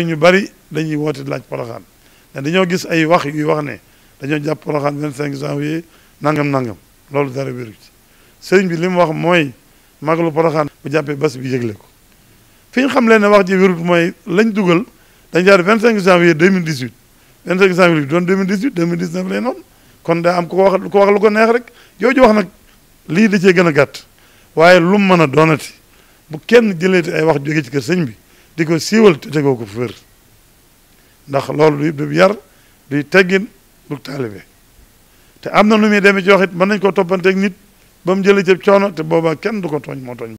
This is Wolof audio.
ñu bari dañuy woote laaj poroxaan mais dañoo gis ay wax yuy wax ne dañoo jàpp poroxaan 25 janvier nangam nangam loolu dara wéru ci sëriñ bi li mu wax mooy màggalu poroxaan bu jàppee bas bi yëgle ko fi xam leen ne wax ji wérut mooy lañ dugal dañ jaar 25 janvier 2018 25 janvier bi doon 2018 2019 lay noonu kon daa am ku ko wax ku ko neex rek jooju wax nag lii da cee gën a gàtt waaye lu mu mën a doonati bu kenn jëleeti ay wax jóge ci kër sëñ bi di ko siiwal te tegoo ko fu wér ndax loolu du yar duy teggin du taalibe te am na nu muy demee ci wax it nañ koo toppanteeg nit ba mu jëlee cëb coono te boobaa kenn du ko tooñ moo tooñ